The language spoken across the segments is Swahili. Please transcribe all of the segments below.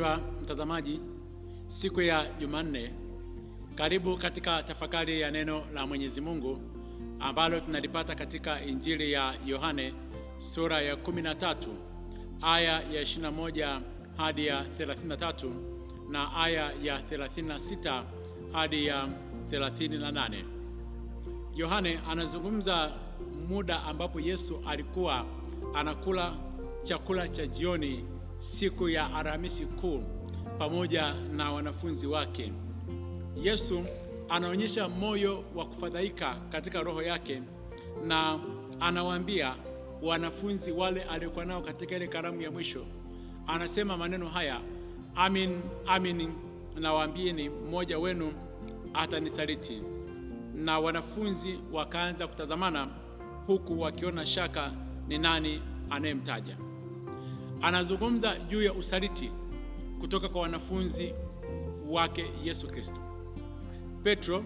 Mpendwa mtazamaji, siku ya Jumanne, karibu katika tafakari ya neno la Mwenyezi Mungu ambalo tunalipata katika Injili ya Yohane sura ya 13 aya ya 21 hadi ya 33 na aya ya 36 hadi ya 38. Yohane anazungumza muda ambapo Yesu alikuwa anakula chakula cha jioni siku ya Alhamisi Kuu pamoja na wanafunzi wake. Yesu anaonyesha moyo wa kufadhaika katika roho yake, na anawaambia wanafunzi wale aliyokuwa nao katika ile karamu ya mwisho, anasema maneno haya, amin, amin nawaambieni, mmoja wenu atanisaliti. Na wanafunzi wakaanza kutazamana, huku wakiona shaka ni nani anayemtaja anazungumza juu ya usaliti kutoka kwa wanafunzi wake Yesu Kristo. Petro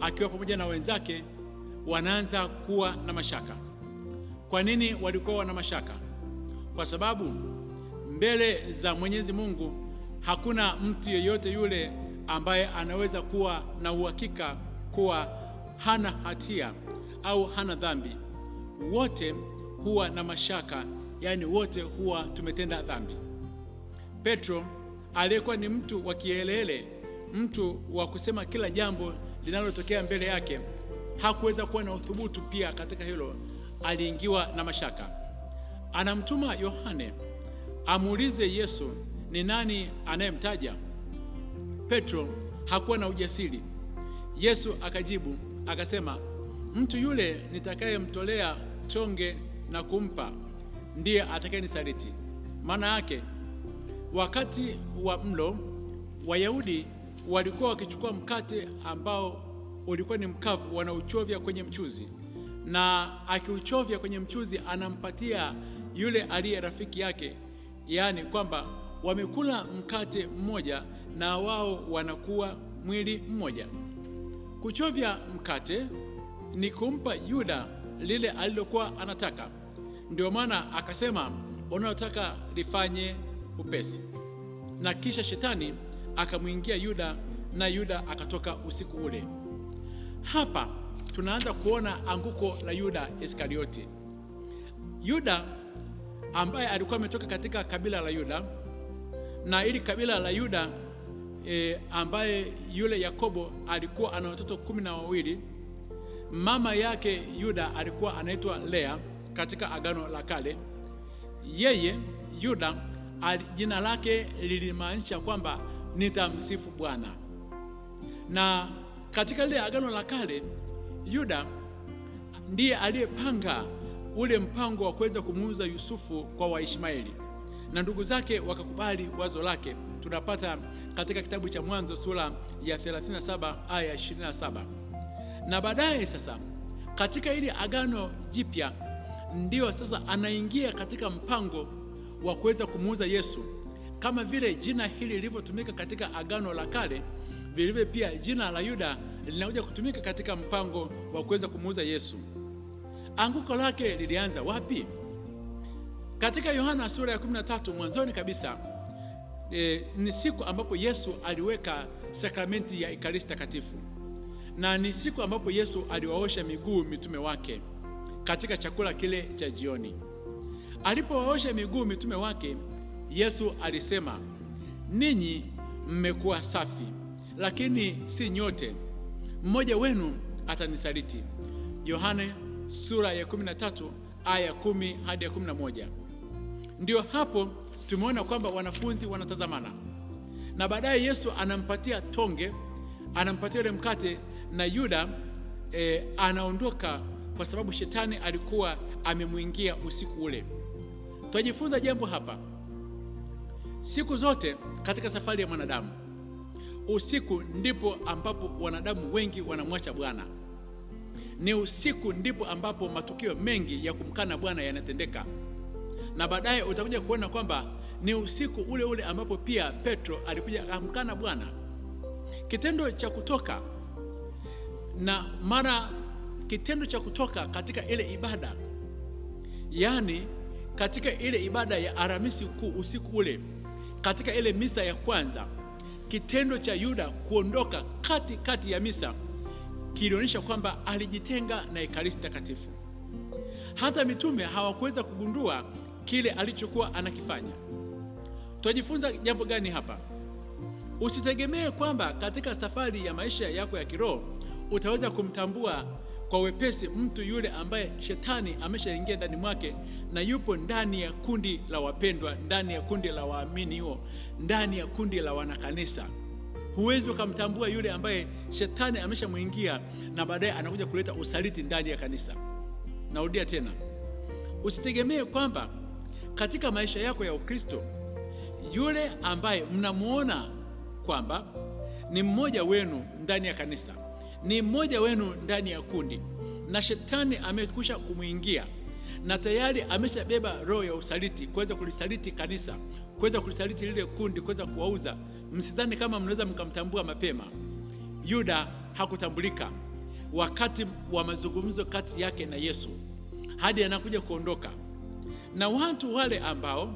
akiwa pamoja na wenzake wanaanza kuwa na mashaka. Kwa nini walikuwa wana mashaka? Kwa sababu mbele za Mwenyezi Mungu hakuna mtu yeyote yule ambaye anaweza kuwa na uhakika kuwa hana hatia au hana dhambi. Wote huwa na mashaka yaani wote huwa tumetenda dhambi. Petro aliyekuwa ni mtu wa kielele, mtu wa kusema kila jambo linalotokea mbele yake, hakuweza kuwa na uthubutu pia katika hilo, aliingiwa na mashaka. Anamtuma Yohane amuulize Yesu ni nani anayemtaja. Petro hakuwa na ujasiri. Yesu akajibu akasema, mtu yule nitakayemtolea chonge na kumpa ndiye atakayenisaliti. Maana yake wakati wa mlo Wayahudi walikuwa wakichukua mkate ambao ulikuwa ni mkavu, wanauchovya kwenye mchuzi, na akiuchovya kwenye mchuzi anampatia yule aliye rafiki yake, yaani kwamba wamekula mkate mmoja na wao wanakuwa mwili mmoja. Kuchovya mkate ni kumpa Yuda lile alilokuwa anataka. Ndio maana akasema unayotaka lifanye upesi. Na kisha shetani akamwingia Yuda, na Yuda akatoka usiku ule. Hapa tunaanza kuona anguko la Yuda Iskarioti. Yuda ambaye alikuwa ametoka katika kabila la Yuda, na ili kabila la Yuda e, ambaye yule Yakobo alikuwa ana watoto kumi na wawili. Mama yake Yuda alikuwa anaitwa Lea katika Agano la Kale. Yeye Yuda jina lake lilimaanisha kwamba nitamsifu Bwana, na katika lile Agano la Kale Yuda ndiye aliyepanga ule mpango wa kuweza kumuuza Yusufu kwa Waishmaeli na ndugu zake wakakubali wazo lake. Tunapata katika kitabu cha Mwanzo sura ya 37 aya 27. Na baadaye sasa katika ile agano jipya ndiyo sasa anaingia katika mpango wa kuweza kumuuza Yesu, kama vile jina hili lilivyotumika katika Agano la Kale, vilivyo pia jina la Yuda linakuja kutumika katika mpango wa kuweza kumuuza Yesu. Anguko lake lilianza wapi? Katika Yohana sura ya 13 mwanzoni kabisa e, ni siku ambapo Yesu aliweka sakramenti ya Ekaristi Takatifu na ni siku ambapo Yesu aliwaosha miguu mitume wake katika chakula kile cha jioni. Alipowaosha miguu mitume wake, Yesu alisema, ninyi mmekuwa safi, lakini si nyote. Mmoja wenu atanisaliti. Yohane sura ya 13 aya 10 hadi ya 11. Ndiyo hapo tumeona kwamba wanafunzi wanatazamana, na baadaye Yesu anampatia tonge, anampatia yule mkate na Yuda e, anaondoka kwa sababu shetani alikuwa amemwingia usiku ule. Twajifunza jambo hapa, siku zote katika safari ya mwanadamu, usiku ndipo ambapo wanadamu wengi wanamwacha Bwana. Ni usiku ndipo ambapo matukio mengi ya kumkana Bwana yanatendeka, na baadaye utakuja kuona kwamba ni usiku ule ule ambapo pia Petro alikuja akamkana Bwana. Kitendo cha kutoka na mara kitendo cha kutoka katika ile ibada, yaani katika ile ibada ya Alhamisi Kuu usiku ule, katika ile misa ya kwanza, kitendo cha Yuda kuondoka kati kati ya misa kilionyesha kwamba alijitenga na Ekaristi Takatifu. Hata mitume hawakuweza kugundua kile alichokuwa anakifanya. Tunajifunza jambo gani hapa? Usitegemee kwamba katika safari ya maisha yako ya kiroho utaweza kumtambua kwa wepesi mtu yule ambaye shetani ameshaingia ndani mwake na yupo ndani ya kundi la wapendwa, ndani ya kundi la waamini huo, ndani ya kundi la wanakanisa. Huwezi ukamtambua yule ambaye shetani ameshamwingia na baadaye anakuja kuleta usaliti ndani ya kanisa. Narudia tena, usitegemee kwamba katika maisha yako ya Ukristo yule ambaye mnamwona kwamba ni mmoja wenu ndani ya kanisa ni mmoja wenu ndani ya kundi na shetani amekwisha kumwingia na tayari ameshabeba roho ya usaliti, kuweza kulisaliti kanisa, kuweza kulisaliti lile kundi, kuweza kuwauza. Msidhani kama mnaweza mkamtambua mapema. Yuda hakutambulika wakati wa mazungumzo kati yake na Yesu hadi anakuja kuondoka, na watu wale ambao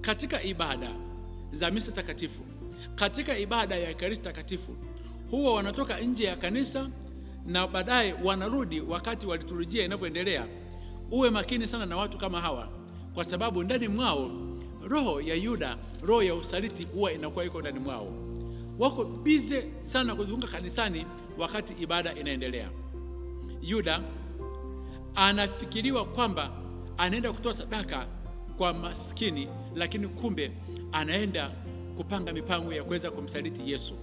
katika ibada za misa takatifu, katika ibada ya Ekaristi takatifu huwa wanatoka nje ya kanisa na baadaye wanarudi wakati wa liturujia inavyoendelea. Uwe makini sana na watu kama hawa, kwa sababu ndani mwao roho ya Yuda, roho ya usaliti huwa inakuwa iko ndani mwao. Wako bize sana kuzunguka kanisani wakati ibada inaendelea. Yuda anafikiriwa kwamba anaenda kutoa sadaka kwa maskini, lakini kumbe anaenda kupanga mipango ya kuweza kumsaliti Yesu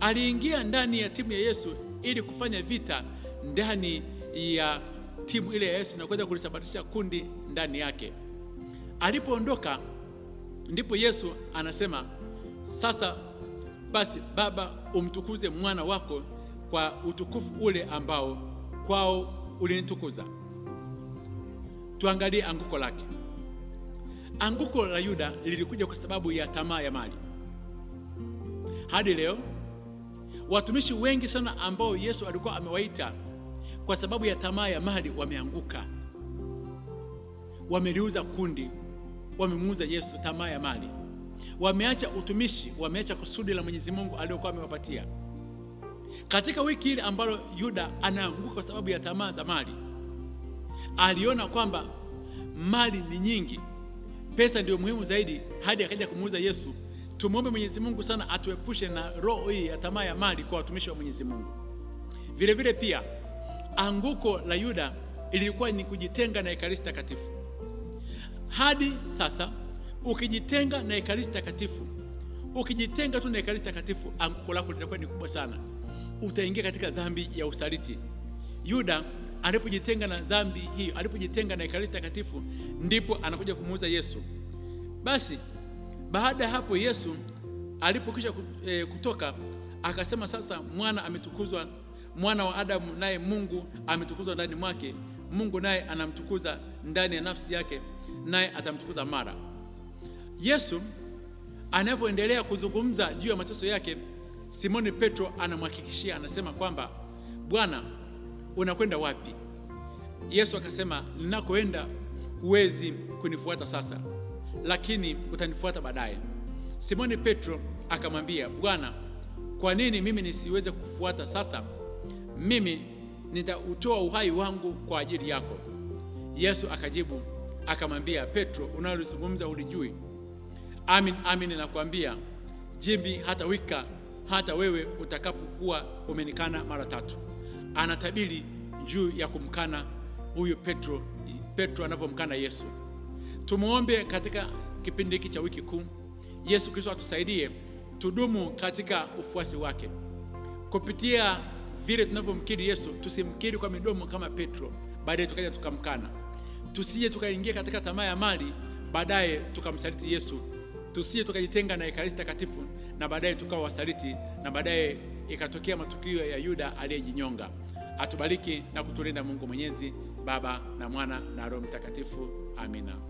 aliingia ndani ya timu ya Yesu ili kufanya vita ndani ya timu ile ya Yesu na kuweza kulisabatisha kundi ndani yake. Alipoondoka ndipo Yesu anasema, sasa basi Baba, umtukuze mwana wako kwa utukufu ule ambao kwao ulinitukuza. Tuangalie anguko lake. Anguko la Yuda lilikuja kwa sababu ya tamaa ya mali. Hadi leo Watumishi wengi sana ambao Yesu alikuwa amewaita kwa sababu ya tamaa ya mali wameanguka, wameliuza kundi, wamemuuza Yesu tamaa ya mali, wameacha utumishi, wameacha kusudi la Mwenyezi Mungu aliyokuwa amewapatia. Katika wiki ile ambalo Yuda anaanguka kwa sababu ya tamaa za mali, aliona kwamba mali ni nyingi, pesa ndio muhimu zaidi, hadi akaja kumuuza Yesu Tumwombe Mwenyezi Mungu sana atuepushe na roho hii ya tamaa ya mali kwa watumishi wa Mwenyezi Mungu. Vile vile pia anguko la Yuda ilikuwa ni kujitenga na Ekaristi Takatifu. Hadi sasa ukijitenga na Ekaristi Takatifu, ukijitenga tu na Ekaristi Takatifu, anguko lako litakuwa ni kubwa sana, utaingia katika dhambi ya usaliti. Yuda alipojitenga na dhambi hiyo, alipojitenga na Ekaristi Takatifu, ndipo anakuja kumuuza Yesu. Basi baada ya hapo Yesu alipokwisha e, kutoka akasema, sasa mwana ametukuzwa, mwana wa Adamu naye Mungu ametukuzwa ndani mwake. Mungu naye anamtukuza ndani ya nafsi yake, naye atamtukuza mara. Yesu anavyoendelea kuzungumza juu ya mateso yake, Simoni Petro anamhakikishia anasema kwamba Bwana, unakwenda wapi? Yesu akasema, ninakoenda huwezi kunifuata sasa lakini utanifuata baadaye. Simoni Petro akamwambia, Bwana, kwa nini mimi nisiweze kufuata sasa? Mimi nitautoa uhai wangu kwa ajili yako. Yesu akajibu akamwambia Petro, unalozungumza ulijui. Amin, amin nakwambia, jimbi hata wika hata wewe utakapokuwa umenikana mara tatu. Anatabiri juu ya kumkana huyu Petro, Petro anavyomkana Yesu. Tumwombe katika kipindi hiki cha wiki kuu, Yesu Kristo atusaidie tudumu katika ufuasi wake kupitia vile tunavyomkiri Yesu. Tusimkiri kwa midomo kama Petro, baadaye tukaja tukamkana. Tusije tukaingia katika tamaa ya mali, baadaye tukamsaliti Yesu. Tusije tukajitenga na Ekaristi Takatifu na baadaye tukawa wasaliti, na baadaye ikatokea matukio ya Yuda aliyejinyonga. Atubariki na kutulinda Mungu Mwenyezi, Baba na Mwana na Roho Mtakatifu. Amina.